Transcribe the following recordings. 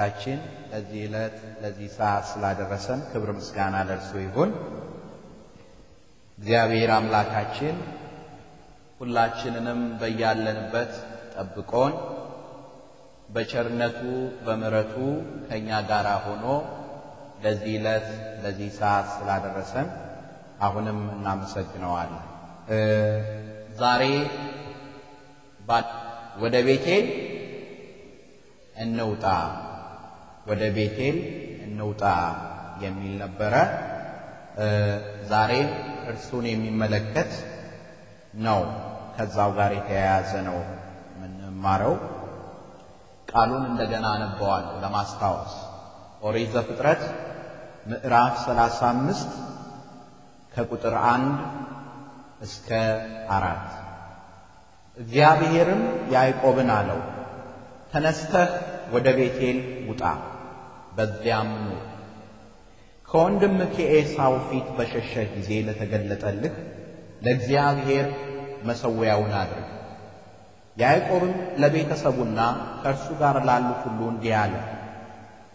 ታችን ለዚህ ዕለት ለዚህ ሰዓት ስላደረሰን ክብር ምስጋና ለእርሱ ይሁን። እግዚአብሔር አምላካችን ሁላችንንም በያለንበት ጠብቆን በቸርነቱ በምረቱ ከእኛ ጋር ሆኖ ለዚህ ዕለት ለዚህ ሰዓት ስላደረሰን አሁንም እናመሰግነዋለን። ዛሬ ወደ ቤቴ እንውጣ ወደ ቤቴል እንውጣ የሚል ነበረ። ዛሬ እርሱን የሚመለከት ነው። ከዛው ጋር የተያያዘ ነው የምንማረው። ቃሉን እንደገና አነበዋለሁ ለማስታወስ። ኦሪት ዘፍጥረት ምዕራፍ 35 ከቁጥር አንድ እስከ አራት እግዚአብሔርም ያዕቆብን አለው፣ ተነስተህ ወደ ቤቴል ውጣ በዚያም ኑር። ከወንድም ከኤሳው ፊት በሸሸ ጊዜ ለተገለጠልህ ለእግዚአብሔር መሠዊያውን አድርግ። ያዕቆብም ለቤተሰቡና ከእርሱ ጋር ላሉት ሁሉ እንዲህ አለ፣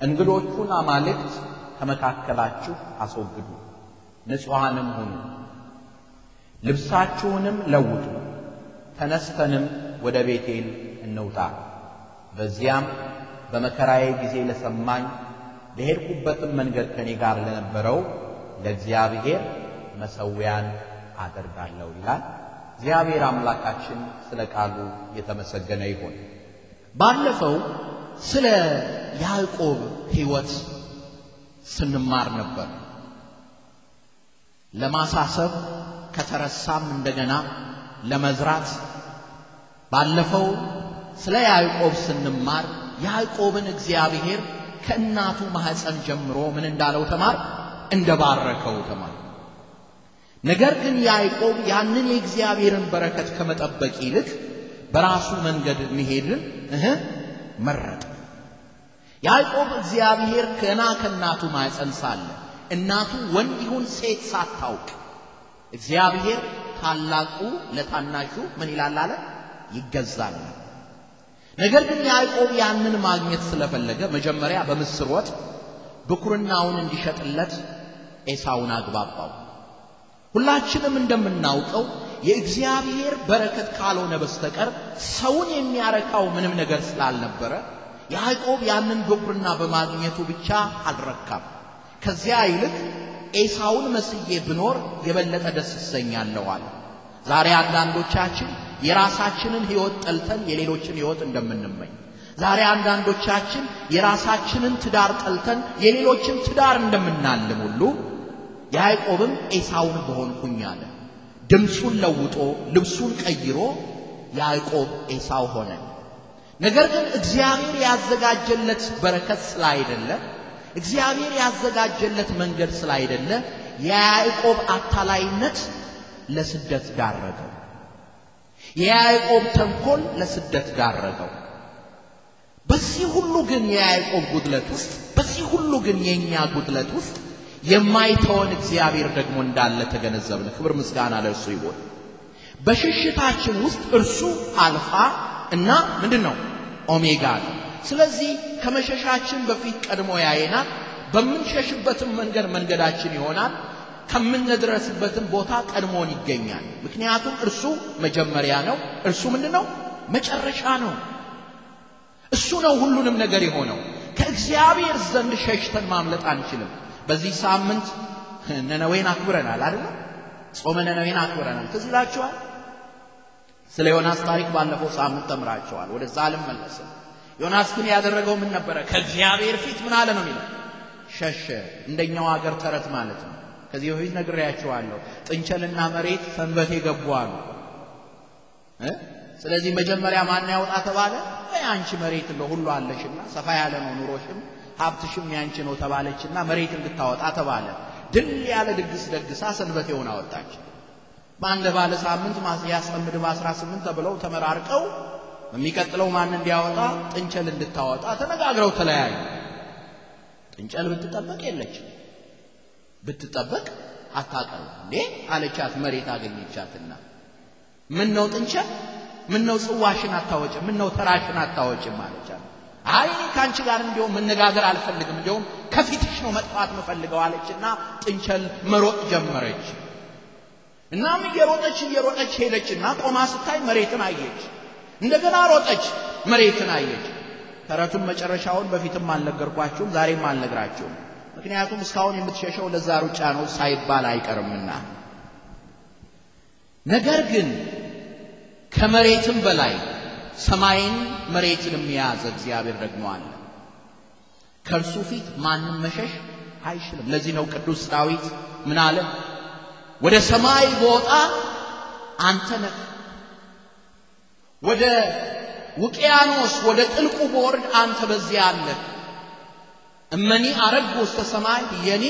እንግዶቹን አማልክት ከመካከላችሁ አስወግዱ፣ ንጹሐንም ሁኑ፣ ልብሳችሁንም ለውጡ። ተነስተንም ወደ ቤቴል እንውጣ፣ በዚያም በመከራዬ ጊዜ ለሰማኝ ለሄድኩበትም መንገድ ከኔ ጋር ለነበረው ለእግዚአብሔር መሠዊያን አደርጋለሁ ይላል። እግዚአብሔር አምላካችን ስለ ቃሉ የተመሰገነ ይሆን ባለፈው ስለ ያዕቆብ ሕይወት ስንማር ነበር። ለማሳሰብ ከተረሳም እንደገና ለመዝራት ባለፈው ስለ ያዕቆብ ስንማር ያዕቆብን እግዚአብሔር ከእናቱ ማህፀን ጀምሮ ምን እንዳለው ተማር እንደባረከው ተማር። ነገር ግን ያዕቆብ ያንን የእግዚአብሔርን በረከት ከመጠበቅ ይልቅ በራሱ መንገድ መሄድን እህ መረጠ። ያዕቆብ እግዚአብሔር ገና ከእናቱ ማህፀን ሳለ እናቱ ወንድ ይሁን ሴት ሳታውቅ እግዚአብሔር ታላቁ ለታናሹ ምን ይላል አለ ይገዛል። ነገር ግን ያዕቆብ ያንን ማግኘት ስለፈለገ መጀመሪያ በምስር ወጥ ብኩርናውን እንዲሸጥለት ኤሳውን አግባባው። ሁላችንም እንደምናውቀው የእግዚአብሔር በረከት ካልሆነ በስተቀር ሰውን የሚያረካው ምንም ነገር ስላልነበረ ያዕቆብ ያንን ብኩርና በማግኘቱ ብቻ አልረካም። ከዚያ ይልቅ ኤሳውን መስዬ ብኖር የበለጠ ደስ ይሰኛለዋል። ዛሬ አንዳንዶቻችን የራሳችንን ህይወት ጠልተን የሌሎችን ህይወት እንደምንመኝ ዛሬ አንዳንዶቻችን የራሳችንን ትዳር ጠልተን የሌሎችን ትዳር እንደምናልም ሁሉ ያዕቆብም ኤሳውን በሆንኩኝ አለ። ድምፁን ለውጦ ልብሱን ቀይሮ ያዕቆብ ኤሳው ሆነ። ነገር ግን እግዚአብሔር ያዘጋጀለት በረከት ስላይደለ፣ እግዚአብሔር ያዘጋጀለት መንገድ ስላይደለ የያዕቆብ አታላይነት ለስደት ዳረገው። የያዕቆብ ተንኮል ለስደት ዳረገው። በዚህ ሁሉ ግን የያዕቆብ ጉድለት ውስጥ በዚህ ሁሉ ግን የእኛ ጉድለት ውስጥ የማይተወን እግዚአብሔር ደግሞ እንዳለ ተገነዘብን። ክብር ምስጋና ለእርሱ ይሁን። በሽሽታችን ውስጥ እርሱ አልፋ እና ምንድን ነው ኦሜጋ ነው። ስለዚህ ከመሸሻችን በፊት ቀድሞ ያየናል። በምንሸሽበትም መንገድ መንገዳችን ይሆናል። ከምንደረስበትም ቦታ ቀድሞን ይገኛል። ምክንያቱም እርሱ መጀመሪያ ነው። እርሱ ምንድን ነው? መጨረሻ ነው። እሱ ነው ሁሉንም ነገር የሆነው። ከእግዚአብሔር ዘንድ ሸሽተን ማምለጥ አንችልም። በዚህ ሳምንት ነነዌን አክብረናል አይደል? ጾመ ነነዌን አክብረናል። ትዝ ይላችኋል። ስለ ዮናስ ታሪክ ባለፈው ሳምንት ተምራችኋል። ወደዛ አልመለስም። ዮናስ ግን ያደረገው ምን ነበረ? ከእግዚአብሔር ፊት ምን አለ ነው የሚለው? ሸሸ። እንደኛው ሀገር ተረት ማለት ነው። ከዚህ በፊት ነግሬያችኋለሁ። ጥንቸልና መሬት ሰንበቴ ገቡ አሉ። ስለዚህ መጀመሪያ ማን ያውጣ ተባለ። አንቺ መሬት እንደ ሁሉ አለሽና ሰፋ ያለ ነው ኑሮሽም ሀብትሽም ያንቺ ነው ተባለችና መሬት እንድታወጣ ተባለ። ድል ያለ ድግስ ደግሳ ሰንበቴውን አወጣች። በአንድ ባለ ሳምንት ያስጠምድ በአስራ ስምንት ተብለው ተመራርቀው የሚቀጥለው ማን እንዲያወጣ ጥንቸል እንድታወጣ ተነጋግረው ተለያዩ። ጥንቸል ብትጠበቅ የለችም። ብትጠበቅ አታቀው እንዴ አለቻት። መሬት አገኘቻትና ምን ነው ጥንቸ፣ ምን ነው ጽዋሽን አታወጭም? ምን ነው ተራሽን አታወጭም? አለቻት። አይ ከአንቺ ጋር እንዲሁም መነጋገር አልፈልግም፣ እንዲሁም ከፊትሽ ነው መጥፋት መፈልገው አለችና ጥንቸል መሮጥ ጀመረች። እናም እየሮጠች እየሮጠች ሄደችና ቆማ ስታይ መሬትን አየች። እንደገና ሮጠች፣ መሬትን አየች። ተረቱን መጨረሻውን በፊትም አልነገርኳችሁም፣ ዛሬም አልነግራችሁም። ምክንያቱም እስካሁን የምትሸሸው ለዛ ሩጫ ነው ሳይባል አይቀርምና። ነገር ግን ከመሬትም በላይ ሰማይን መሬትንም የያዘ እግዚአብሔር ደግሞ አለ። ከእርሱ ፊት ማንም መሸሽ አይችልም። ለዚህ ነው ቅዱስ ዳዊት ምን አለ? ወደ ሰማይ ቦጣ አንተ ነህ፣ ወደ ውቅያኖስ ወደ ጥልቁ ቦርድ አንተ በዚያ አለህ እመኒ አረግ ውስተ ሰማይ የኒ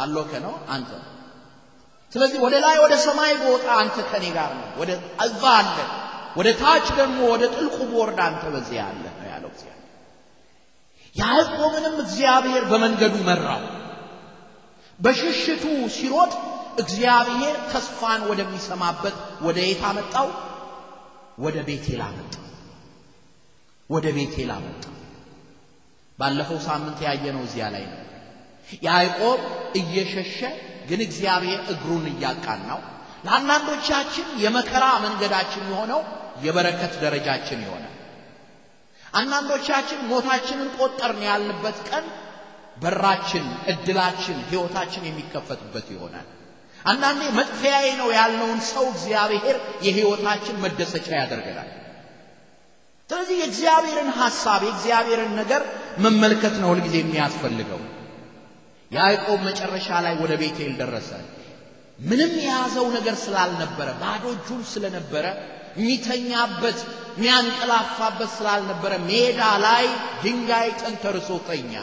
ሃሎከ ነው አንተ። ስለዚህ ወደ ላይ ወደ ሰማይ ቦታ አንተ ከኔ ጋር ነው፣ ወደ አዛ አለ። ወደ ታች ደግሞ ወደ ጥልቁ ቦርድ አንተ በዚያ አለ ነው ያለው እግዚአብሔር። ያዕቆብንም እግዚአብሔር በመንገዱ መራው። በሽሽቱ ሲሮጥ እግዚአብሔር ተስፋን ወደሚሰማበት ወደ የት አመጣው? ወደ ቤቴል አመጣው። ወደ ቤቴል አመጣው። ባለፈው ሳምንት ያየነው እዚያ ላይ ነው። ያዕቆብ እየሸሸ ግን እግዚአብሔር እግሩን እያቃናው። ለአንዳንዶቻችን የመከራ መንገዳችን የሆነው የበረከት ደረጃችን የሆነ አንዳንዶቻችን ሞታችንን ቆጠርን ያልንበት ቀን በራችን፣ እድላችን፣ ሕይወታችን የሚከፈትበት ይሆናል። አንዳንዴ መጥፊያዬ ነው ያለውን ሰው እግዚአብሔር የሕይወታችን መደሰቻ ያደርገናል። ስለዚህ የእግዚአብሔርን ሐሳብ የእግዚአብሔርን ነገር መመልከት ነው ሁልጊዜ የሚያስፈልገው። ያዕቆብ መጨረሻ ላይ ወደ ቤቴል ደረሰ። ምንም የያዘው ነገር ስላልነበረ፣ ባዶ እጁን ስለነበረ፣ የሚተኛበት የሚያንቀላፋበት ስላልነበረ ሜዳ ላይ ድንጋይ ተንተርሶ ተኛ።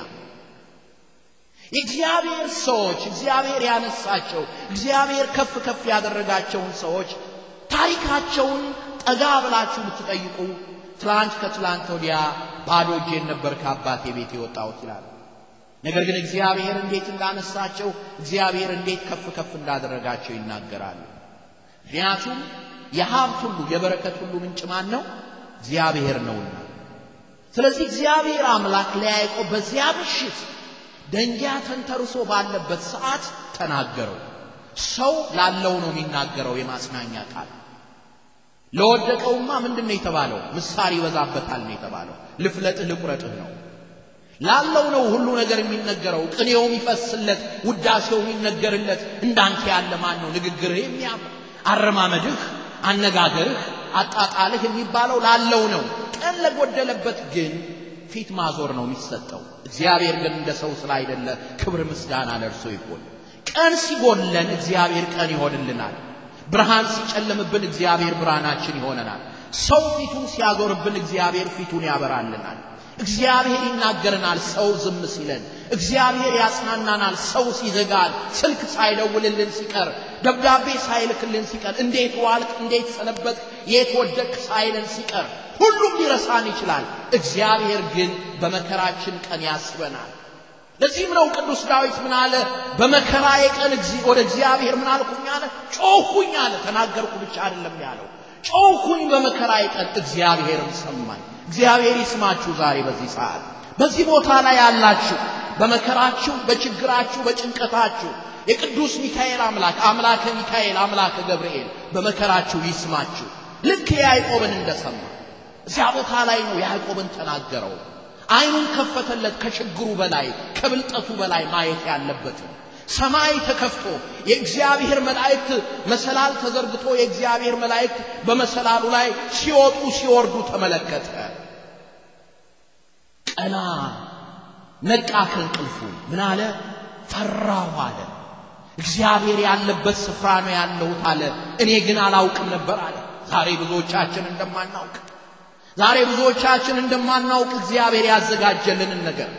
የእግዚአብሔር ሰዎች እግዚአብሔር ያነሳቸው እግዚአብሔር ከፍ ከፍ ያደረጋቸውን ሰዎች ታሪካቸውን ጠጋ ብላችሁ ብትጠይቁ ትላንት ከትላንት ወዲያ ባዶ እጄን ነበር ከአባቴ ቤት የወጣሁት ይላል። ነገር ግን እግዚአብሔር እንዴት እንዳነሳቸው፣ እግዚአብሔር እንዴት ከፍ ከፍ እንዳደረጋቸው ይናገራሉ። ምክንያቱም የሀብት ሁሉ የበረከት ሁሉ ምንጭ ማን ነው? እግዚአብሔር ነውና። ስለዚህ እግዚአብሔር አምላክ ለያዕቆብ በዚያ ምሽት ደንጊያ ተንተርሶ ባለበት ሰዓት ተናገረው። ሰው ላለው ነው የሚናገረው የማጽናኛ ቃል ለወደቀውማ ምንድን ነው የተባለው? ምሳር ይበዛበታል ነው የተባለው። ልፍለጥህ ልቁረጥህ ነው ላለው ነው ሁሉ ነገር የሚነገረው፣ ቅኔው የሚፈስለት፣ ውዳሴው የሚነገርለት። እንዳንተ ያለ ማን ነው? ንግግርህ የሚያምር አረማመድህ፣ አነጋገርህ፣ አጣጣልህ የሚባለው ላለው ነው። ቀን ለጎደለበት ግን ፊት ማዞር ነው የሚሰጠው። እግዚአብሔር ግን እንደ ሰው ስላይደለ ክብር ምስጋና ለርሶ ይሁን። ቀን ሲጎለን እግዚአብሔር ቀን ይሆንልናል። ብርሃን ሲጨለምብን እግዚአብሔር ብርሃናችን ይሆነናል። ሰው ፊቱን ሲያዞርብን እግዚአብሔር ፊቱን ያበራልናል። እግዚአብሔር ይናገረናል ሰው ዝም ሲለን። እግዚአብሔር ያጽናናናል ሰው ሲዘጋል፣ ስልክ ሳይደውልልን ሲቀር፣ ደብዳቤ ሳይልክልን ሲቀር፣ እንዴት ዋልክ፣ እንዴት ሰነበት፣ የት ወደቅ ሳይለን ሲቀር፣ ሁሉም ሊረሳን ይችላል። እግዚአብሔር ግን በመከራችን ቀን ያስበናል። ለዚህም ነው ቅዱስ ዳዊት ምን አለ? በመከራዬ ቀን ወደ እግዚአብሔር ምን አልኩኝ አለ? ጮኽኩኝ አለ። ተናገርኩ ብቻ አይደለም ያለው፣ ጮሁኝ በመከራ የቀን እግዚአብሔርም ሰማኝ። እግዚአብሔር ይስማችሁ ዛሬ በዚህ ሰዓት በዚህ ቦታ ላይ ያላችሁ በመከራችሁ፣ በችግራችሁ፣ በጭንቀታችሁ የቅዱስ ሚካኤል አምላክ አምላከ ሚካኤል አምላከ ገብርኤል በመከራችሁ ይስማችሁ። ልክ ያዕቆብን እንደሰማ እዚያ ቦታ ላይ ነው ያዕቆብን ተናገረው። አይኑን ከፈተለት። ከችግሩ በላይ ከብልጠቱ በላይ ማየት ያለበት ሰማይ ተከፍቶ የእግዚአብሔር መላእክት መሰላል ተዘርግቶ የእግዚአብሔር መላእክት በመሰላሉ ላይ ሲወጡ ሲወርዱ ተመለከተ። ቀና ነቃ ከእንቅልፉ። ምን አለ? ፈራሁ አለ። እግዚአብሔር ያለበት ስፍራ ነው ያለሁት አለ። እኔ ግን አላውቅም ነበር አለ። ዛሬ ብዙዎቻችን እንደማናውቅ ዛሬ ብዙዎቻችን እንደማናውቅ እግዚአብሔር ያዘጋጀልንን ነገር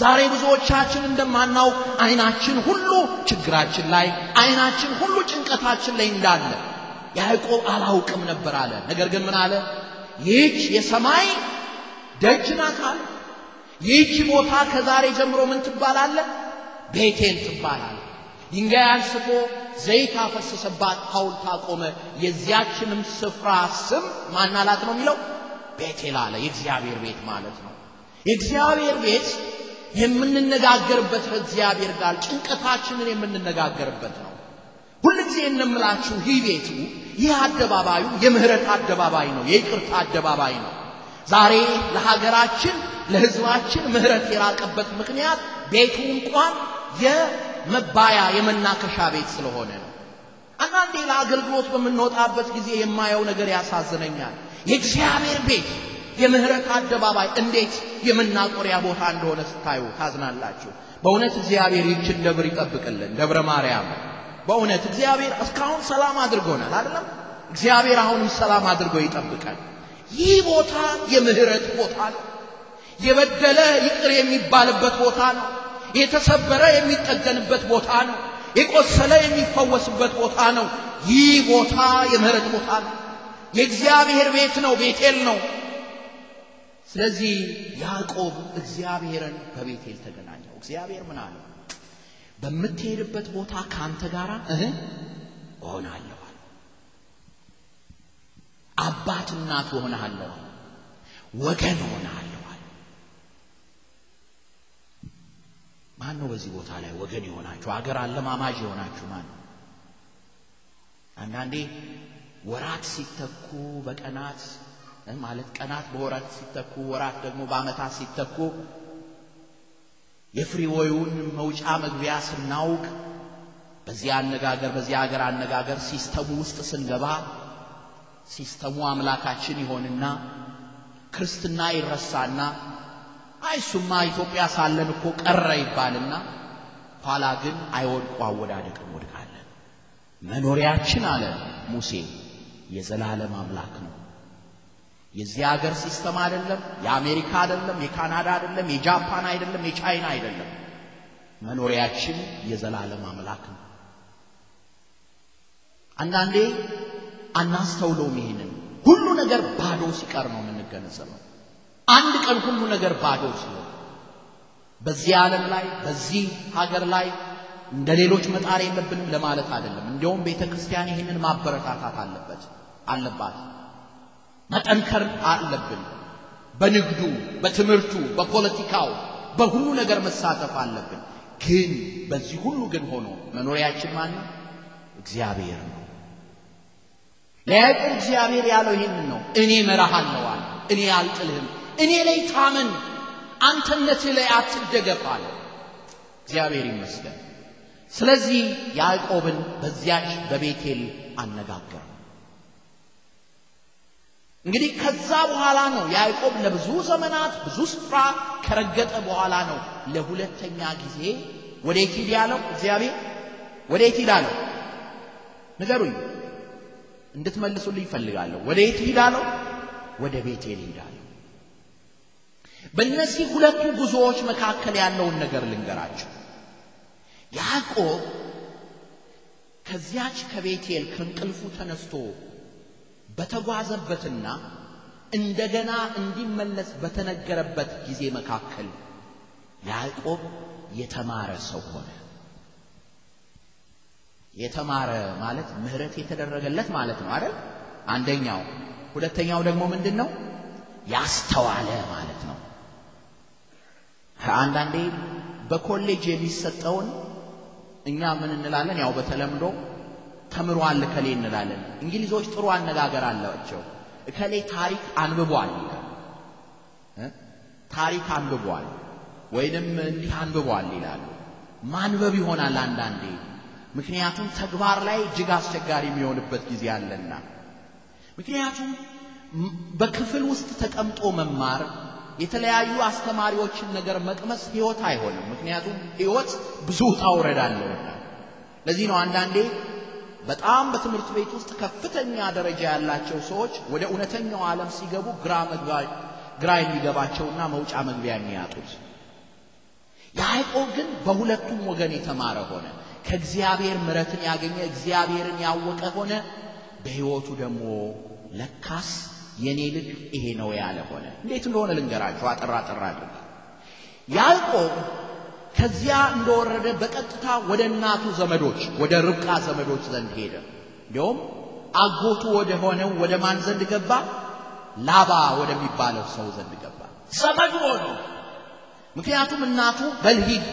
ዛሬ ብዙዎቻችን እንደማናውቅ አይናችን ሁሉ ችግራችን ላይ አይናችን ሁሉ ጭንቀታችን ላይ እንዳለ ያዕቆብ አላውቅም ነበር አለ። ነገር ግን ምን አለ? ይህች የሰማይ ደጅ ናት አለ። ይህች ቦታ ከዛሬ ጀምሮ ምን ትባላለ? ቤቴል ትባላለ። ድንጋይ አንስቶ ዘይት አፈሰሰባት፣ ሐውልት አቆመ። የዚያችንም ስፍራ ስም ማናላት ነው የሚለው ቤት የላለ የእግዚአብሔር ቤት ማለት ነው። የእግዚአብሔር ቤት የምንነጋገርበት ከእግዚአብሔር ጋር ጭንቀታችንን የምንነጋገርበት ነው። ሁልጊዜ እንምላችሁ ይህ ቤቱ ይህ አደባባዩ የምህረት አደባባይ ነው። የይቅርታ አደባባይ ነው። ዛሬ ለሀገራችን ለህዝባችን ምህረት የራቀበት ምክንያት ቤቱ እንኳን የመባያ የመናከሻ ቤት ስለሆነ ነው። አንዳንዴ ለአገልግሎት በምንወጣበት ጊዜ የማየው ነገር ያሳዝነኛል። የእግዚአብሔር ቤት የምህረት አደባባይ እንዴት የመናቆሪያ ቦታ እንደሆነ ስታዩ ታዝናላችሁ። በእውነት እግዚአብሔር ይችን ደብር ይጠብቅልን፣ ደብረ ማርያም። በእውነት እግዚአብሔር እስካሁን ሰላም አድርጎናል አይደለም? እግዚአብሔር አሁንም ሰላም አድርጎ ይጠብቃል። ይህ ቦታ የምህረት ቦታ ነው። የበደለ ይቅር የሚባልበት ቦታ ነው። የተሰበረ የሚጠገንበት ቦታ ነው። የቆሰለ የሚፈወስበት ቦታ ነው። ይህ ቦታ የምህረት ቦታ ነው። የእግዚአብሔር ቤት ነው፣ ቤቴል ነው። ስለዚህ ያዕቆብ እግዚአብሔርን በቤቴል ተገናኘው። እግዚአብሔር ምን አለው? በምትሄድበት ቦታ ከአንተ ጋር እህ እሆናለሁ፣ አባት እናት ወገን እሆናለሁ። ማን ነው በዚህ ቦታ ላይ ወገን የሆናችሁ አገር አለማማጅ የሆናችሁ ማን? አንዳንዴ ወራት ሲተኩ በቀናት ማለት ቀናት በወራት ሲተኩ ወራት ደግሞ በአመታት ሲተኩ የፍሪወዩን መውጫ መግቢያ ስናውቅ በዚህ አነጋገር በዚህ ሀገር አነጋገር ሲስተሙ ውስጥ ስንገባ ሲስተሙ አምላካችን ይሆንና ክርስትና ይረሳና አይ ኢትዮጵያ ሳለን እኮ ቀረ ይባልና ኋላ ግን አይወድቁ አወዳደቅም ወድቃለን። መኖሪያችን አለ ሙሴ የዘላለም አምላክ ነው። የዚህ ሀገር ሲስተም አይደለም፣ የአሜሪካ አይደለም፣ የካናዳ አይደለም፣ የጃፓን አይደለም፣ የቻይና አይደለም። መኖሪያችን የዘላለም አምላክ ነው። አንዳንዴ አናስተውለውም። ይሄንን ሁሉ ነገር ባዶ ሲቀር ነው የምንገነዘበው። አንድ ቀን ሁሉ ነገር ባዶ ሲሆን በዚህ ዓለም ላይ በዚህ ሀገር ላይ እንደ ሌሎች መጣር የለብንም ለማለት አይደለም። እንዲያውም ቤተ ክርስቲያን ይህንን ማበረታታት አለበት አለባት፣ መጠንከር አለብን። በንግዱ፣ በትምህርቱ፣ በፖለቲካው፣ በሁሉ ነገር መሳተፍ አለብን። ግን በዚህ ሁሉ ግን ሆኖ መኖሪያችን ማን ነው? እግዚአብሔር ነው። ለያዕቆብ እግዚአብሔር ያለው ይህንን ነው። እኔ መራሃለሁ አለ። እኔ አልጥልህም፣ እኔ ላይ ታመን፣ አንተነትህ ላይ አትደገፍ አለ። እግዚአብሔር ይመስገን። ስለዚህ ያዕቆብን በዚያች በቤቴል አነጋገረ። እንግዲህ ከዛ በኋላ ነው ያዕቆብ ለብዙ ዘመናት ብዙ ስፍራ ከረገጠ በኋላ ነው ለሁለተኛ ጊዜ ወደ ሂድ ያለው እግዚአብሔር። ወደ ሂድ አለው? ንገሩኝ፣ እንድትመልሱልኝ ይፈልጋለሁ። ወደ ሂድ አለው? ወደ ቤቴል ሂድ በእነዚህ ሁለቱ ጉዞዎች መካከል ያለውን ነገር ልንገራቸው። ያዕቆብ ከዚያች ከቤቴል ከእንቅልፉ ተነስቶ በተጓዘበትና እንደገና እንዲመለስ በተነገረበት ጊዜ መካከል ያዕቆብ የተማረ ሰው ሆነ። የተማረ ማለት ምሕረት የተደረገለት ማለት ነው አይደል? አንደኛው። ሁለተኛው ደግሞ ምንድን ነው? ያስተዋለ ማለት ነው። አንዳንዴ በኮሌጅ የሚሰጠውን እኛ ምን እንላለን? ያው በተለምዶ ተምሯል እከሌ እንላለን። እንግሊዞች ጥሩ አነጋገር አላቸው። እከሌ ታሪክ አንብቧል ታሪክ አንብቧል ወይንም እንዲህ አንብቧል ይላሉ። ማንበብ ይሆናል አንዳንዴ፣ ምክንያቱም ተግባር ላይ እጅግ አስቸጋሪ የሚሆንበት ጊዜ አለና። ምክንያቱም በክፍል ውስጥ ተቀምጦ መማር የተለያዩ አስተማሪዎችን ነገር መቅመስ ህይወት አይሆንም። ምክንያቱም ህይወት ብዙ ውጣ ውረድ አለውና። ለዚህ ነው አንዳንዴ በጣም በትምህርት ቤት ውስጥ ከፍተኛ ደረጃ ያላቸው ሰዎች ወደ እውነተኛው ዓለም ሲገቡ ግራ የሚገባቸውና መውጫ መግቢያ የሚያጡት። ያዕቆብ ግን በሁለቱም ወገን የተማረ ሆነ። ከእግዚአብሔር ምረትን ያገኘ፣ እግዚአብሔርን ያወቀ ሆነ። በሕይወቱ ደግሞ ለካስ የኔ ልጅ ይሄ ነው ያለ ሆነ። እንዴት እንደሆነ ልንገራችሁ አጠራ አጠራ አድርግ። ያዕቆብ ከዚያ እንደወረደ በቀጥታ ወደ እናቱ ዘመዶች ወደ ርብቃ ዘመዶች ዘንድ ሄደ። እንዲሁም አጎቱ ወደ ሆነው ወደ ማን ዘንድ ገባ? ላባ ወደሚባለው ሰው ዘንድ ገባ። ዘመዱ ሆኖ ምክንያቱም እናቱ በልሂድ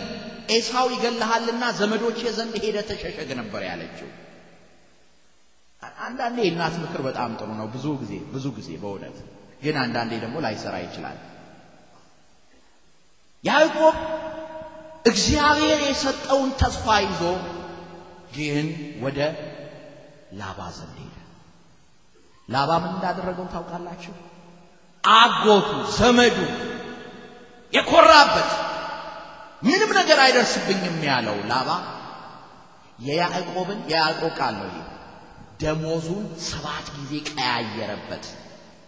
ኤሳው ይገልሃልና ዘመዶቼ ዘንድ ሄደ ተሸሸግ ነበር ያለችው። አንዳንዴ የእናት ምክር በጣም ጥሩ ነው። ብዙ ጊዜ ብዙ ጊዜ በእውነት ግን አንዳንዴ ደግሞ ላይሰራ ይችላል። ያዕቆብ እግዚአብሔር የሰጠውን ተስፋ ይዞ ግን ወደ ላባ ዘንድ ሄደ። ላባ ምን እንዳደረገው ታውቃላችሁ? አጎቱ ዘመዱ የኮራበት ምንም ነገር አይደርስብኝም ያለው ላባ የያዕቆብን የያዕቆብ ቃል ነው ይሄ ደሞዙን ሰባት ጊዜ ቀያየረበት።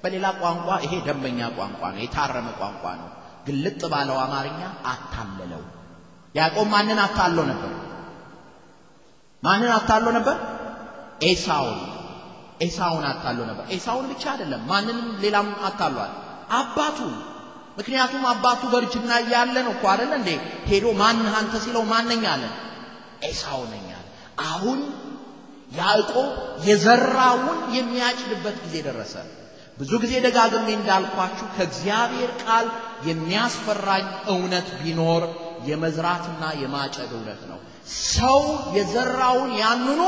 በሌላ ቋንቋ ይሄ ደንበኛ ቋንቋ ነው፣ የታረመ ቋንቋ ነው። ግልጥ ባለው አማርኛ አታለለው። ያዕቆብ ማንን አታሎ ነበር? ማንን አታሎ ነበር? ኤሳውን። ኤሳውን አታሎ ነበር። ኤሳውን ብቻ አይደለም፣ ማንንም ሌላም አታሏል። አባቱ ምክንያቱም አባቱ በእርጅና እያለ ነው እኮ አይደለ እንዴ ሄዶ ማንህ አንተ ሲለው ማነኛ አለ ኤሳው ነኝ አለ። አሁን ያዕቆብ የዘራውን የሚያጭድበት ጊዜ ደረሰ። ብዙ ጊዜ ደጋግሜ እንዳልኳችሁ ከእግዚአብሔር ቃል የሚያስፈራኝ እውነት ቢኖር የመዝራትና የማጨድ እውነት ነው። ሰው የዘራውን ያንኑ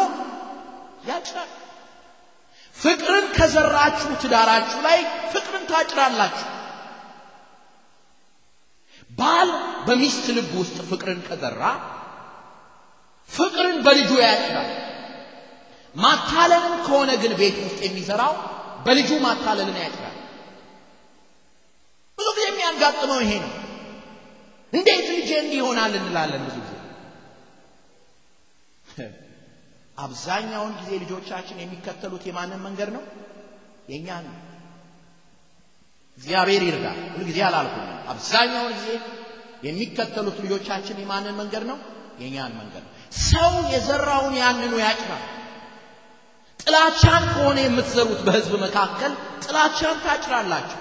ያጭዳል። ፍቅርን ከዘራችሁ ትዳራችሁ ላይ ፍቅርን ታጭዳላችሁ። ባል በሚስት ልብ ውስጥ ፍቅርን ከዘራ ፍቅርን በልጁ ያጭዳል። ማታለልን ከሆነ ግን ቤት ውስጥ የሚሰራው በልጁ ማታለልን ያጭራል። ብዙ ጊዜ የሚያጋጥመው ይሄ ነው። እንዴት ልጄ እንዲሆናል እንላለን ብዙ ጊዜ። አብዛኛውን ጊዜ ልጆቻችን የሚከተሉት የማንን መንገድ ነው? የእኛን ነው። እግዚአብሔር ይርዳል። ሁልጊዜ አላልኩም። አብዛኛውን ጊዜ የሚከተሉት ልጆቻችን የማንን መንገድ ነው? የእኛን መንገድ ነው። ሰው የዘራውን ያንኑ ያጭራል። ጥላቻን ከሆነ የምትዘሩት በህዝብ መካከል ጥላቻን ታጭራላችሁ።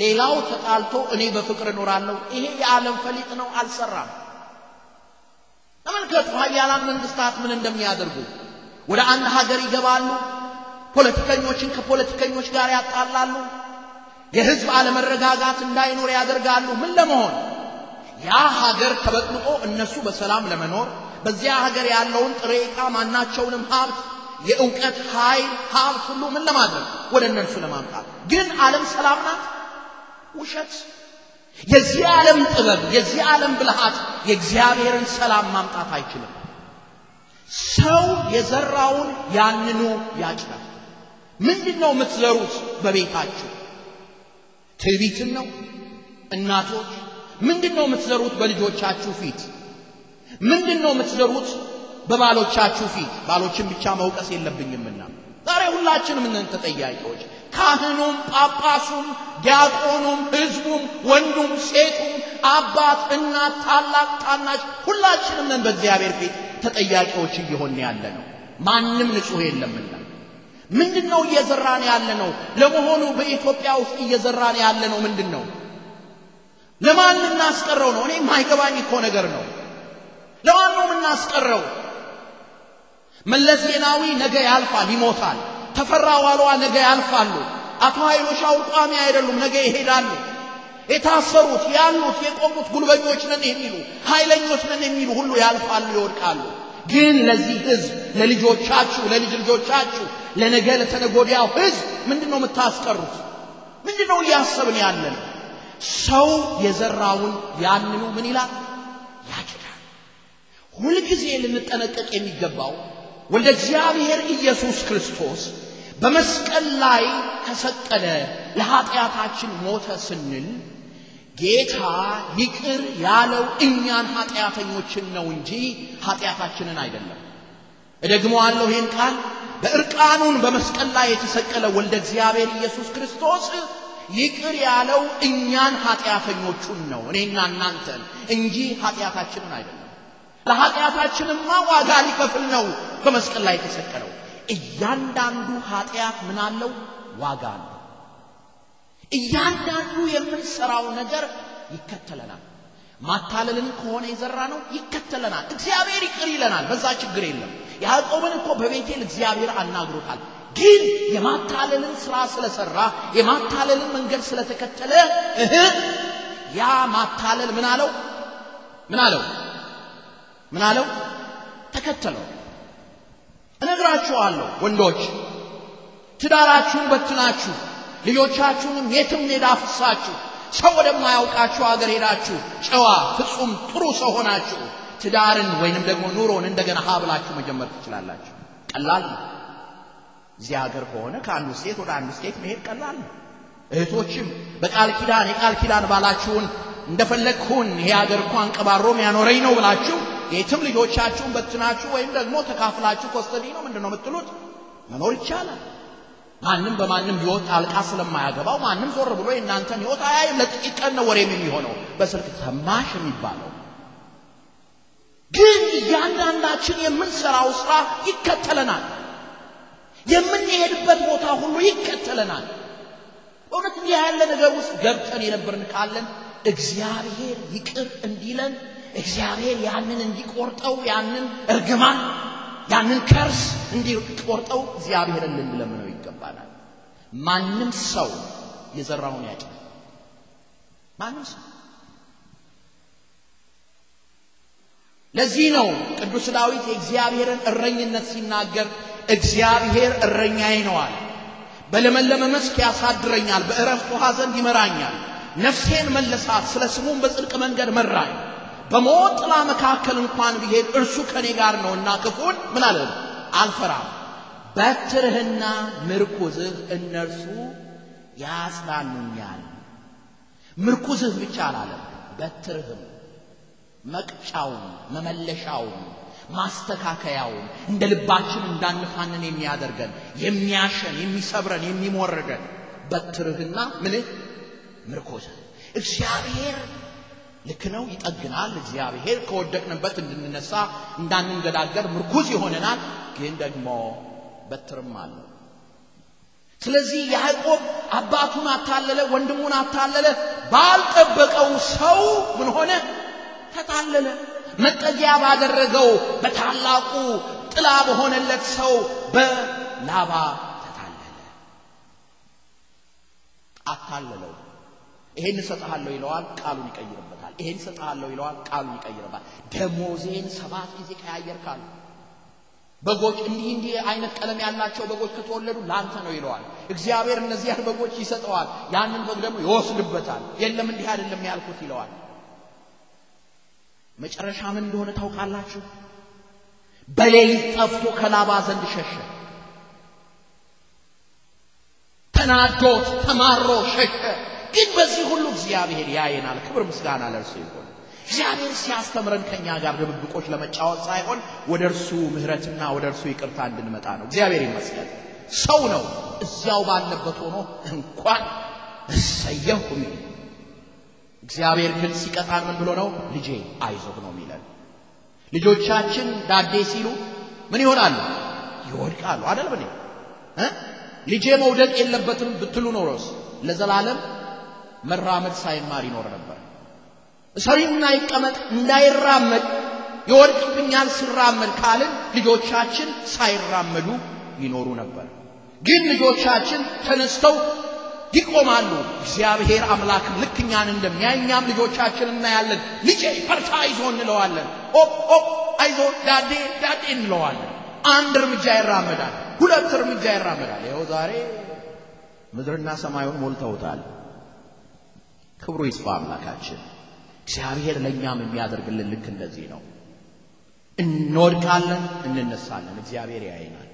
ሌላው ተጣልቶ እኔ በፍቅር እኖራለሁ፣ ይሄ የዓለም ፈሊጥ ነው፣ አልሰራም። ተመልከቱ ኃያላን መንግስታት ምን እንደሚያደርጉ ወደ አንድ ሀገር ይገባሉ። ፖለቲከኞችን ከፖለቲከኞች ጋር ያጣላሉ። የህዝብ አለመረጋጋት እንዳይኖር ያደርጋሉ። ምን ለመሆን ያ ሀገር ተበጥብጦ እነሱ በሰላም ለመኖር በዚያ ሀገር ያለውን ጥሬ ዕቃ ማናቸውንም ሀብት የእውቀት ኃይል ሀብት ሁሉ ምን ለማድረግ ወደ እነርሱ ለማምጣት ግን ዓለም ሰላም ናት ውሸት የዚህ ዓለም ጥበብ የዚህ ዓለም ብልሃት የእግዚአብሔርን ሰላም ማምጣት አይችልም ሰው የዘራውን ያንኑ ያጭዳል ምንድን ነው የምትዘሩት በቤታችሁ ትዕቢትን ነው እናቶች ምንድን ነው የምትዘሩት በልጆቻችሁ ፊት ምንድን ነው የምትዘሩት በባሎቻችሁ ፊት ባሎችን ብቻ መውቀስ የለብኝምና ዛሬ ሁላችንም ነን ተጠያቂዎች። ካህኑም፣ ጳጳሱም፣ ዲያቆኑም፣ ህዝቡም፣ ወንዱም፣ ሴቱም፣ አባት፣ እናት፣ ታላቅ፣ ታናሽ ሁላችንም ነን በእግዚአብሔር ፊት ተጠያቂዎች እየሆን ያለ ነው። ማንም ንጹሕ የለምና ምንድን ነው እየዘራን ያለ ነው? ለመሆኑ በኢትዮጵያ ውስጥ እየዘራን ያለ ነው ምንድን ነው? ለማን እናስቀረው ነው? እኔ የማይገባኝ እኮ ነገር ነው። ለማን ነው የምናስቀረው? መለስ ዜናዊ ነገ ያልፋል፣ ይሞታል። ተፈራ ዋልዋ ነገ ያልፋሉ። አቶ ኃይሉ ሻውል ቋሚ አይደሉም፣ ነገ ይሄዳሉ። የታሰሩት ያሉት የቆሙት ጉልበኞች ነን የሚሉ ኃይለኞች ነን የሚሉ ሁሉ ያልፋሉ፣ ይወድቃሉ። ግን ለዚህ ህዝብ ለልጆቻችሁ፣ ለልጅ ልጆቻችሁ፣ ለነገ ለተነጎዲያው ህዝብ ምንድነው የምታስቀሩት? ምንድነው እያሰብን ያለን? ሰው የዘራውን ያንኑ ምን ይላል ያጭዳል። ሁልጊዜ ልንጠነቀቅ የሚገባው ወልደ እግዚአብሔር ኢየሱስ ክርስቶስ በመስቀል ላይ ተሰቀለ፣ ለኃጢአታችን ሞተ ስንል ጌታ ይቅር ያለው እኛን ኃጢአተኞችን ነው እንጂ ኃጢአታችንን አይደለም። አለው ይህን ቃል በእርቃኑን በመስቀል ላይ የተሰቀለ ወልደ እግዚአብሔር ኢየሱስ ክርስቶስ ይቅር ያለው እኛን ኃጢአተኞቹን ነው፣ እኔና እናንተን እንጂ ኃጢአታችንን አይደለም። ለኃጢአታችንማ ዋጋ ሊከፍል ነው በመስቀል ላይ የተሰቀለው። እያንዳንዱ ኃጢአት ምናለው ዋጋ አለው። እያንዳንዱ የምንሰራው ነገር ይከተለናል። ማታለልን ከሆነ የዘራ ነው ይከተለናል። እግዚአብሔር ይቅር ይለናል። በዛ ችግር የለም። ያዕቆብን እኮ በቤቴል እግዚአብሔር አናግሮታል። ግን የማታለልን ስራ ስለሰራ የማታለልን መንገድ ስለተከተለ እህ ያ ማታለል ምን አለው ምን አለው ምን አለው? ተከተለው። እነግራችኋለሁ ወንዶች ትዳራችሁን በትናችሁ ልጆቻችሁንም የትም ሜዳ አፍሳችሁ ሰው ወደማያውቃችሁ አገር ሄዳችሁ ጨዋ ፍጹም ጥሩ ሰው ሆናችሁ ትዳርን ወይንም ደግሞ ኑሮን እንደገና ሀብላችሁ መጀመር ትችላላችሁ። ቀላል ነው። እዚህ ሀገር ከሆነ ከአንዱ ስቴት ወደ አንዱ ስቴት መሄድ ቀላል ነው። እህቶችም በቃል ኪዳን የቃል ኪዳን ባላችሁን እንደፈለግሁን ይሄ ሀገር እኮ አንቀባሮም ያኖረኝ ነው ብላችሁ ቤትም ልጆቻችሁን በትናችሁ ወይም ደግሞ ተካፍላችሁ ኮስተዲ ነው ምንድን ነው የምትሉት? መኖር ይቻላል። ማንም በማንም ህይወት አልቃ ስለማያገባው ማንም ዞር ብሎ የእናንተን ህይወት አያይም። ለጥቂት ቀን ነው ወሬም የሚሆነው በስልክ ተማሽ የሚባለው። ግን እያንዳንዳችን የምንሰራው ስራ ይከተለናል። የምንሄድበት ቦታ ሁሉ ይከተለናል። በእውነት እንዲህ ያለ ነገር ውስጥ ገብተን የነበርን ካለን እግዚአብሔር ይቅር እንዲለን እግዚአብሔር ያንን እንዲቆርጠው ያንን እርግማን ያንን ከርስ እንዲቆርጠው እግዚአብሔርን ልንለምነው ይገባናል። ማንም ሰው የዘራውን ያጭ ማንም ሰው ለዚህ ነው ቅዱስ ዳዊት የእግዚአብሔርን እረኝነት ሲናገር እግዚአብሔር እረኛዬ ነው አለ። በለመለመ መስክ ያሳድረኛል፣ በእረፍት ውሃ ዘንድ ይመራኛል። ነፍሴን መለሳት፣ ስለ ስሙን በጽድቅ መንገድ መራኝ። በሞት ጥላ መካከል እንኳን ብሄድ እርሱ ከኔ ጋር ነውና ክፉን ምን አለ አልፈራም። በትርህና ምርኩዝህ እነርሱ ያጽናኑኛል። ምርኩዝህ ብቻ አላለም፣ በትርህም መቅጫውም መመለሻውም ማስተካከያውም እንደ ልባችን እንዳንፋንን የሚያደርገን የሚያሸን የሚሰብረን የሚሞርደን በትርህና ምልህ ምርኩዝህ እግዚአብሔር ልክ ነው። ይጠግናል። እግዚአብሔር ከወደቅንበት እንድንነሳ እንዳንንገዳገር ምርኩዝ ይሆነናል። ግን ደግሞ በትርም አለው። ስለዚህ ያዕቆብ አባቱን አታለለ፣ ወንድሙን አታለለ። ባልጠበቀው ሰው ምን ሆነ? ተታለለ። መጠጊያ ባደረገው በታላቁ ጥላ በሆነለት ሰው በላባ ተታለለ፣ አታለለው። ይሄን እሰጥሃለሁ ይለዋል፣ ቃሉን ይቀይርበታል። ይሄን ሰጣለው ይለዋል። ቃሉ ይቀይርባል። ደሞዜን ሰባት ጊዜ ቀያየርካሉ። በጎች እንዲህ እንዲህ አይነት ቀለም ያላቸው በጎች ከተወለዱ ላንተ ነው ይለዋል። እግዚአብሔር እነዚያን በጎች ይሰጠዋል። ያንን በግ ደግሞ ይወስድበታል። የለም እንዲህ አይደለም ያልኩት ይለዋል። መጨረሻ ምን እንደሆነ ታውቃላችሁ? በሌሊት ጠፍቶ ከላባ ዘንድ ሸሸ። ተናዶት ተማሮ ሸሸ። ግን በዚህ ሁሉ እግዚአብሔር ያየናል። ክብር ምስጋና ለእርሱ ይሁን። እግዚአብሔር ሲያስተምረን ከኛ ጋር ድብብቆች ለመጫወት ሳይሆን ወደ እርሱ ምሕረትና ወደ እርሱ ይቅርታ እንድንመጣ ነው። እግዚአብሔር ይመስገን። ሰው ነው እዚያው ባለበት ሆኖ እንኳን እሰየው እግዚአብሔር ግን ሲቀጣን ምን ብሎ ነው? ልጄ አይዞህ ነው የሚለን። ልጆቻችን ዳዴ ሲሉ ምን ይሆናሉ? ይወድቃሉ። አደል ብኔ ልጄ መውደቅ የለበትም ብትሉ ኖሮስ ለዘላለም መራመድ ሳይማር ይኖር ነበር። ሰሪና ይቀመጥ እንዳይራመድ ይወድቅብኛል ሲራመድ ካልን ልጆቻችን ሳይራመዱ ይኖሩ ነበር። ግን ልጆቻችን ተነስተው ይቆማሉ። እግዚአብሔር አምላክም ልክ እኛን እንደሚያይ እኛም ልጆቻችን እናያለን። ልጄ በርታ አይዞ እንለዋለን። ኦፕ ኦፕ አይዞ ዳዴ ዳዴ እንለዋለን። አንድ እርምጃ ይራመዳል፣ ሁለት እርምጃ ይራመዳል። ይኸው ዛሬ ምድርና ሰማዩን ሞልተውታል። ክብሩ ይስፋ አምላካችን። እግዚአብሔር ለእኛም የሚያደርግልን ልክ እንደዚህ ነው። እንወድቃለን፣ እንነሳለን። እግዚአብሔር ያይናል።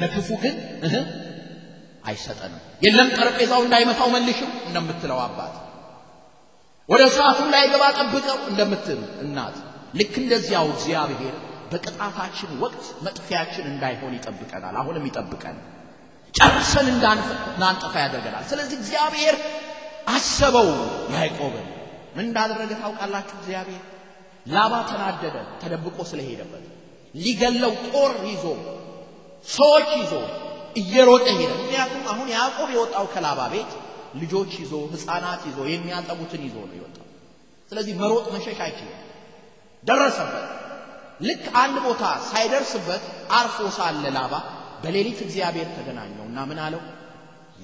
ለክፉ ግን አይሰጠንም። የለም ጠረጴዛው እንዳይመታው መልሽው እንደምትለው አባት፣ ወደ ሰዓቱ እንዳይገባ ጠብቀው እንደምትል እናት፣ ልክ እንደዚያው እግዚአብሔር በቅጣታችን ወቅት መጥፊያችን እንዳይሆን ይጠብቀናል። አሁንም ይጠብቀን፣ ጨርሰን እንዳንጠፋ ያደርገናል። ስለዚህ እግዚአብሔር አሰበው ያዕቆብን። ምን እንዳደረገ ታውቃላችሁ? እግዚአብሔር ላባ ተናደደ፣ ተደብቆ ስለሄደበት ሊገለው ጦር ይዞ ሰዎች ይዞ እየሮጠ ሄደ። ምክንያቱም አሁን ያዕቆብ የወጣው ከላባ ቤት ልጆች ይዞ ሕፃናት ይዞ የሚያጠቡትን ይዞ ነው የወጣው። ስለዚህ መሮጥ መሸሽ አይችልም። ደረሰበት። ልክ አንድ ቦታ ሳይደርስበት አርፎ ሳለ ላባ በሌሊት እግዚአብሔር ተገናኘውና ምን አለው?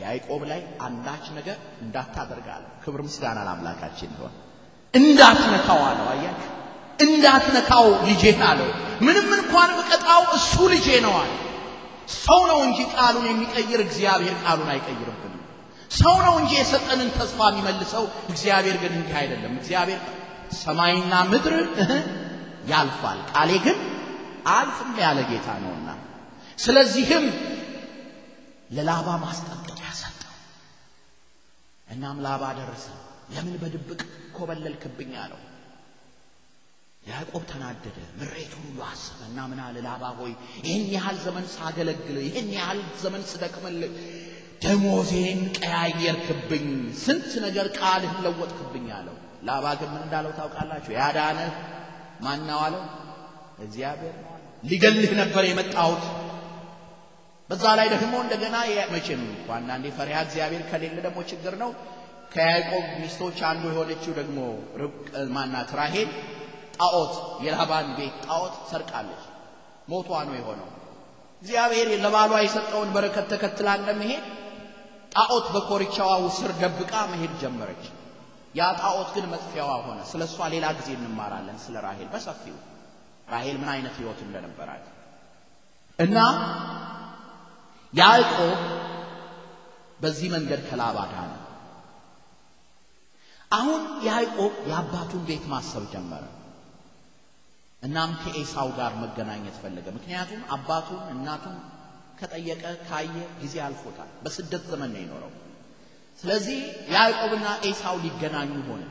ያዕቆብ ላይ አንዳች ነገር እንዳታደርጋለ። ክብር ምስጋና ለአምላካችን ይሁን። እንዳትነካው አለው። አያችሁ፣ እንዳትነካው ልጄ አለው። ምንም እንኳን ብቀጣው እሱ ልጄ ነው አለ። ሰው ነው እንጂ ቃሉን የሚቀይር እግዚአብሔር ቃሉን አይቀይርብንም። ሰው ነው እንጂ የሰጠንን ተስፋ የሚመልሰው እግዚአብሔር ግን እንዲህ አይደለም። እግዚአብሔር ሰማይና ምድር ያልፋል፣ ቃሌ ግን አልፍም ያለ ጌታ ነውና ስለዚህም ለላባ ማስጠ እናም ላባ ደረሰ። ለምን በድብቅ ኮበለልክብኝ አለው። ያዕቆብ ተናደደ። ምሬቱ ሁሉ አሰበና ምን አለ? ላባ ሆይ ይህን ያህል ዘመን ሳገለግልህ፣ ይህን ያህል ዘመን ስደክምልህ ደሞዜን ቀያየርክብኝ፣ ስንት ነገር ቃልህን ለወጥክብኝ አለው። ላባ ግን ምን እንዳለው ታውቃላችሁ? ያዳነህ ማናው አለው? እግዚአብሔር ሊገልህ ነበር የመጣሁት በዛ ላይ ደግሞ እንደገና መቼም እንኳን አንዳንዴ ፈሪሃ እግዚአብሔር ከሌለ ደግሞ ችግር ነው። ከያዕቆብ ሚስቶች አንዱ የሆነችው ደግሞ ማናት ራሄል ጣዖት የላባን ቤት ጣዖት ሰርቃለች። ሞቷ ነው የሆነው። እግዚአብሔር ለባሏ የሰጠውን በረከት ተከትላ እንደመሄድ ጣዖት በኮርቻዋ ስር ደብቃ መሄድ ጀመረች። ያ ጣዖት ግን መጥፊያዋ ሆነ። ስለ እሷ ሌላ ጊዜ እንማራለን፣ ስለ ራሄል በሰፊው ራሄል ምን አይነት ህይወት እንደነበራት እና ያዕቆብ በዚህ መንገድ ከላባ ዳነ። አሁን ያዕቆብ የአባቱን ቤት ማሰብ ጀመረ። እናም ከኤሳው ጋር መገናኘት ፈለገ። ምክንያቱም አባቱን እናቱን ከጠየቀ ካየ ጊዜ አልፎታል። በስደት ዘመን ነው የኖረው። ስለዚህ ያዕቆብና ኤሳው ሊገናኙ ሆነ።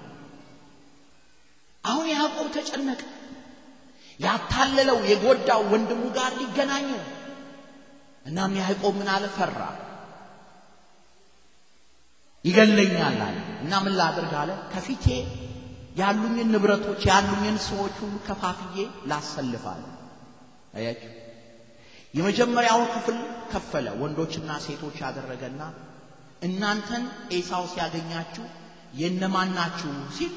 አሁን ያዕቆብ ተጨነቀ። ያታለለው የጎዳው ወንድሙ ጋር ሊገናኙ። እናም ያዕቆብ ምን አለ? ፈራ። ይገለኛል አለ እና ምን ላድርግ አለ ከፊቴ ያሉኝን ንብረቶች ያሉኝን ሰዎች ሁሉ ከፋፍዬ ላሰልፋል። አያችሁ፣ የመጀመሪያውን ክፍል ከፈለ፣ ወንዶችና ሴቶች ያደረገና እናንተን ኤሳው ሲያገኛችሁ የነማናችሁ ናችሁ ሲል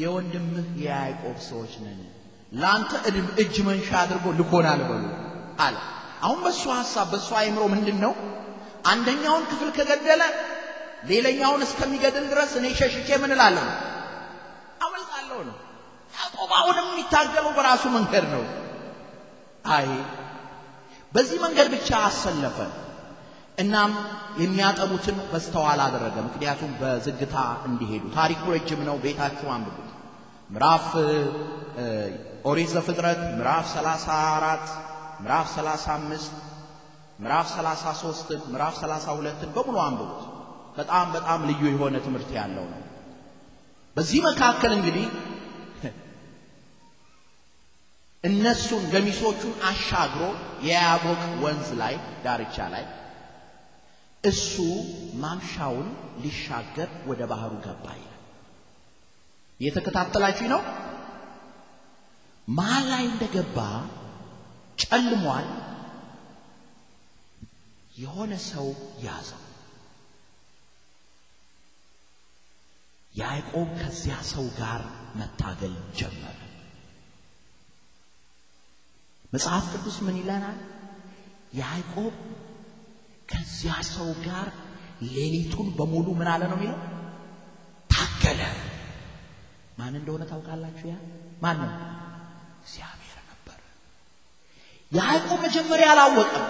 የወንድምህ የያዕቆብ ሰዎች ነን ለአንተ እጅ መንሻ አድርጎ ልኮናል በሉ አለ። አሁን በእሱ ሐሳብ በእሱ አይምሮ ምንድን ነው? አንደኛውን ክፍል ከገደለ ሌላኛውን እስከሚገድል ድረስ እኔ ሸሽቼ ምን እላለሁ? አመልጣለሁ ነው። ያዕቆብ አሁንም የሚታገለው በራሱ መንገድ ነው። አይ በዚህ መንገድ ብቻ አሰለፈ። እናም የሚያጠቡትን በስተኋላ አደረገ፣ ምክንያቱም በዝግታ እንዲሄዱ። ታሪኩ ረጅም ነው፣ ቤታችሁ አንብቡት። ምዕራፍ ኦሪት ዘፍጥረት ምዕራፍ 34 ምዕራፍ 35 ምዕራፍ 33 ን ምዕራፍ 32 ን በሙሉ አንብቡት። በጣም በጣም ልዩ የሆነ ትምህርት ያለው ነው። በዚህ መካከል እንግዲህ እነሱን ገሚሶቹን አሻግሮ የያቦቅ ወንዝ ላይ ዳርቻ ላይ እሱ ማምሻውን ሊሻገር ወደ ባህሩ ገባ ይላል። እየተከታተላችሁ ነው። መሀል ላይ እንደገባ ጨልሟል። የሆነ ሰው ያዘው። ያዕቆብ ከዚያ ሰው ጋር መታገል ጀመረ። መጽሐፍ ቅዱስ ምን ይለናል? ያዕቆብ ከዚያ ሰው ጋር ሌሊቱን በሙሉ ምን አለ ነው የሚለው? ታገለ። ማን እንደሆነ ታውቃላችሁ? ያ ማን ነው? እግዚአብሔር ነበር። ያዕቆብ መጀመሪያ አላወቀም፣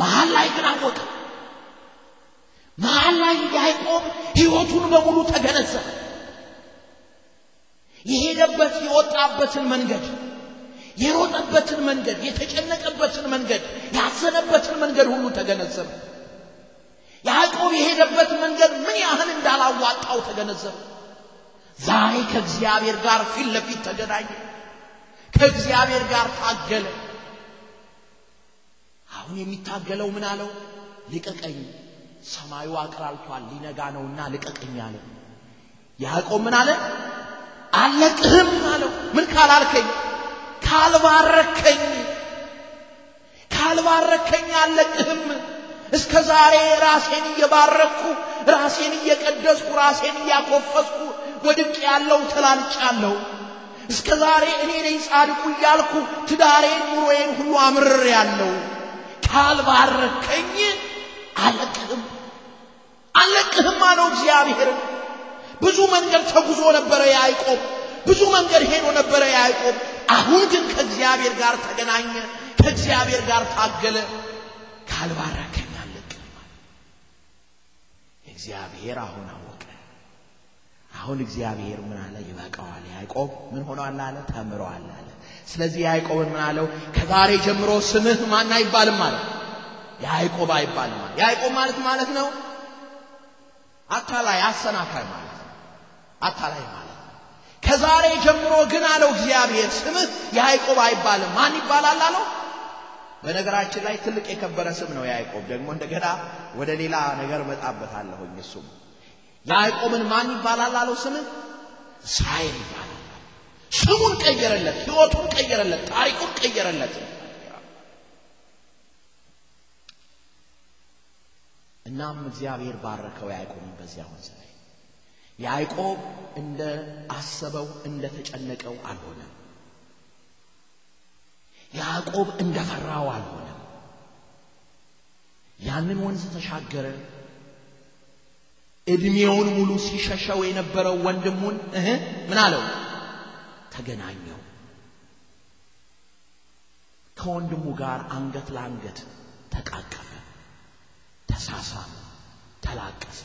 መሀል ላይ ግን አወቀ። መሀል ላይ ያዕቆብ ሕይወቱን በሙሉ ተገነዘበ። የሄደበት የወጣበትን መንገድ፣ የሮጠበትን መንገድ፣ የተጨነቀበትን መንገድ፣ ያዘነበትን መንገድ ሁሉ ተገነዘበ። ያዕቆብ የሄደበት መንገድ ምን ያህል እንዳላዋጣው ተገነዘበ። ዛሬ ከእግዚአብሔር ጋር ፊት ለፊት ተገናኘ። ከእግዚአብሔር ጋር ታገለ። አሁን የሚታገለው ምን አለው? ልቀቀኝ ሰማዩ አቅራልቷል ሊነጋ ነውና ልቀቀኝ አለ። ያዕቆብ ምን አለ? አለቅህም አለው። ምን ካላልከኝ፣ ካልባረከኝ፣ ካልባረከኝ አለቅህም። እስከ ዛሬ ራሴን እየባረኩ ራሴን እየቀደስኩ ራሴን እያኮፈስኩ ወድቅ ያለው ተላልጫለሁ። እስከ ዛሬ እኔ ነኝ ጻድቁ እያልኩ ትዳሬን ኑሮዬን ሁሉ አምርር ያለው ካልባረከኝ አለቅህም አለቅህም አለው እግዚአብሔር። ብዙ መንገድ ተጉዞ ነበረ ያዕቆብ፣ ብዙ መንገድ ሄዶ ነበረ ያዕቆብ። አሁን ግን ከእግዚአብሔር ጋር ተገናኘ፣ ከእግዚአብሔር ጋር ታገለ። ካልባረከኝ አለቅህም አለ እግዚአብሔር። አሁን አወቀ። አሁን እግዚአብሔር ምን አለ? ይበቃዋል። ያዕቆብ ምን ሆኗል አለ? ተምሯል አለ። ስለዚህ ያዕቆብን ምን አለው? ከዛሬ ጀምሮ ስምህ ማን አይባልም አለ። ያዕቆብ አይባልም አለ። ያዕቆብ ማለት ማለት ነው አታላይ አሰናካይ ማለት አታላይ ማለት ከዛሬ ጀምሮ ግን አለው እግዚአብሔር ስምህ ያዕቆብ አይባልም ማን ይባላል አለው በነገራችን ላይ ትልቅ የከበረ ስም ነው ያዕቆብ ደግሞ እንደገና ወደ ሌላ ነገር መጣበታለሁኝ እሱም ያዕቆብን ማን ይባላል አለው ስምህ እስራኤል ይባላል ስሙን ቀየረለት ህይወቱን ቀየረለት ታሪኩን ቀየረለት እናም እግዚአብሔር ባረከው ያዕቆብን በዚያውን ዘመን። ያዕቆብ እንደ አሰበው እንደ ተጨነቀው አልሆነም። ያዕቆብ እንደ ፈራው አልሆነም። ያንን ወንዝ ተሻገረ። እድሜውን ሙሉ ሲሸሸው የነበረው ወንድሙን እህ ምን አለው? ተገናኘው። ከወንድሙ ጋር አንገት ለአንገት ተቃቀፈ። ተሳሳመ፣ ተላቀሰ፣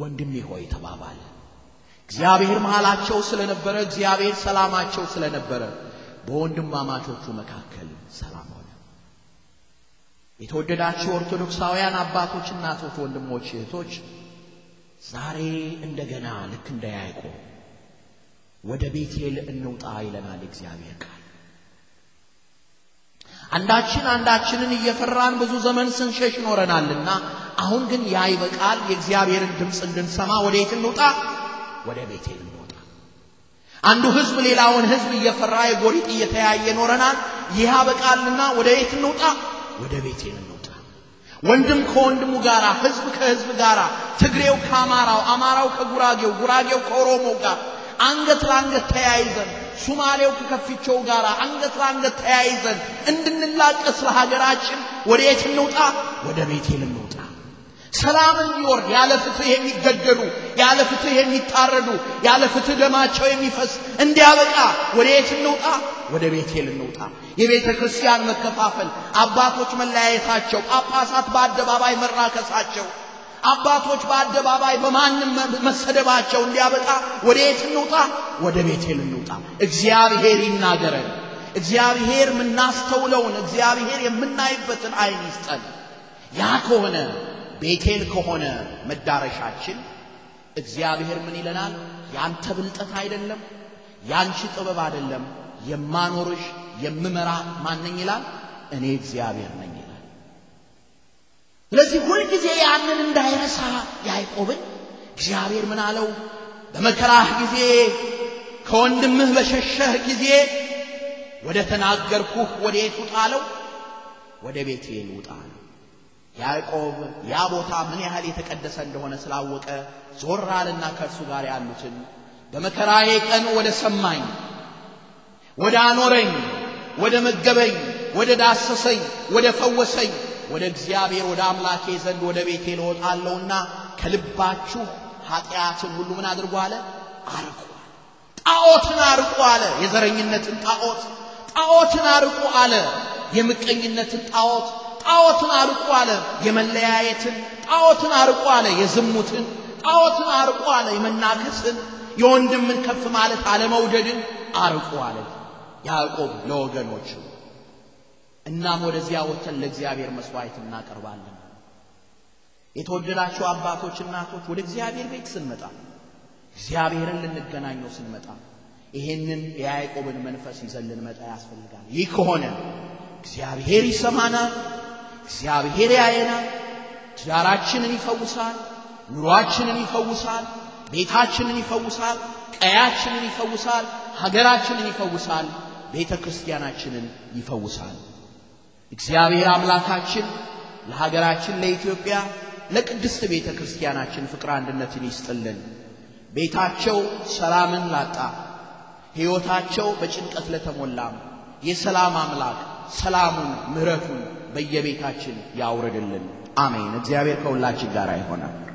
ወንድሜ ሆይ ተባባለ። እግዚአብሔር መሃላቸው ስለነበረ፣ እግዚአብሔር ሰላማቸው ስለነበረ በወንድማማቾቹ መካከል ሰላም ሆነ። የተወደዳችሁ ኦርቶዶክሳውያን አባቶች፣ እናቶች፣ ወንድሞች፣ እህቶች ዛሬ እንደገና ልክ እንደ ያዕቆብ ወደ ቤቴል እንውጣ ይለናል እግዚአብሔር ቃል። አንዳችን አንዳችንን እየፈራን ብዙ ዘመን ስንሸሽ ኖረናልና አሁን ግን ያ ይበቃል። የእግዚአብሔርን ድምፅ እንድንሰማ ወዴት እንውጣ? ወደ ቤቴል እንውጣ። አንዱ ህዝብ ሌላውን ህዝብ እየፈራ የጎሪጥ እየተያየ ኖረናል። ይህ በቃልና ወደ ቤት እንውጣ፣ ወደ ቤቴል እንውጣ። ወንድም ከወንድሙ ጋር፣ ህዝብ ከህዝብ ጋር፣ ትግሬው ከአማራው፣ አማራው ከጉራጌው፣ ጉራጌው ከኦሮሞው ጋር አንገት ለአንገት ተያይዘን ሱማሌው ከከፊቸው ጋር አንገት ለአንገት ተያይዘን ስለ ሀገራችን ወደ የት እንውጣ? ወደ ቤቴል እንውጣ። ሰላም እንዲወርድ ያለ ፍትህ የሚገደሉ ያለ ፍትህ የሚታረዱ ያለ ፍትህ ደማቸው የሚፈስ እንዲያበቃ ወደ የት እንውጣ? ወደ ቤቴል እንውጣ። የቤተ ክርስቲያን መከፋፈል፣ አባቶች መለያየታቸው፣ ጳጳሳት በአደባባይ መራከሳቸው አባቶች በአደባባይ በማንም መሰደባቸው እንዲያበጣ ወደ የት እንውጣ? ወደ ቤቴል እንውጣ። እግዚአብሔር ይናገረን። እግዚአብሔር የምናስተውለውን እግዚአብሔር የምናይበትን አይን ይስጠን። ያ ከሆነ ቤቴል ከሆነ መዳረሻችን እግዚአብሔር ምን ይለናል? ያንተ ብልጠት አይደለም፣ ያንቺ ጥበብ አይደለም፣ የማኖርሽ የምመራ ማንኝ ይላል። እኔ እግዚአብሔር ነኝ። ስለዚህ ሁልጊዜ ያንን እንዳይረሳ ያዕቆብን እግዚአብሔር ምን አለው? በመከራህ ጊዜ ከወንድምህ በሸሸህ ጊዜ ወደ ተናገርኩህ ወደ የት ውጣ አለው? ወደ ቤቴ ውጣ ነው። ያዕቆብ ያ ቦታ ምን ያህል የተቀደሰ እንደሆነ ስላወቀ ዞር አለና ከእርሱ ጋር ያሉትን በመከራዬ ቀን ወደ ሰማኝ፣ ወደ አኖረኝ፣ ወደ መገበኝ፣ ወደ ዳሰሰኝ፣ ወደ ፈወሰኝ ወደ እግዚአብሔር ወደ አምላኬ ዘንድ ወደ ቤቴ ልወጣለሁና ከልባችሁ ኃጢአትን ሁሉ ምን አድርጎ አለ አርቁ ጣዖትን አርቁ አለ የዘረኝነትን ጣዖት ጣዖትን አርቁ አለ የምቀኝነትን ጣዖት ጣዖትን አርቁ አለ የመለያየትን ጣዖትን አርቁ አለ የዝሙትን ጣዖትን አርቁ አለ የመናከስን የወንድምን ከፍ ማለት አለመውደድን አርቁ አለ ያዕቆብ ለወገኖቹ እናም ወደዚያ ወተን ለእግዚአብሔር መስዋዕት እናቀርባለን። የተወደዳቸው አባቶች፣ እናቶች ወደ እግዚአብሔር ቤት ስንመጣ እግዚአብሔርን ልንገናኘው ስንመጣ ይሄንን የያዕቆብን መንፈስ ይዘን ልንመጣ ያስፈልጋል። ይህ ከሆነ እግዚአብሔር ይሰማናል፣ እግዚአብሔር ያየናል፣ ትዳራችንን ይፈውሳል፣ ኑሯችንን ይፈውሳል፣ ቤታችንን ይፈውሳል፣ ቀያችንን ይፈውሳል፣ ሀገራችንን ይፈውሳል፣ ቤተ ክርስቲያናችንን ይፈውሳል። እግዚአብሔር አምላካችን ለሀገራችን ለኢትዮጵያ ለቅድስት ቤተ ክርስቲያናችን ፍቅር አንድነትን ይስጥልን። ቤታቸው ሰላምን ላጣ፣ ሕይወታቸው በጭንቀት ለተሞላም የሰላም አምላክ ሰላሙን ምሕረቱን በየቤታችን ያውርድልን። አሜን። እግዚአብሔር ከሁላችን ጋር ይሆናል።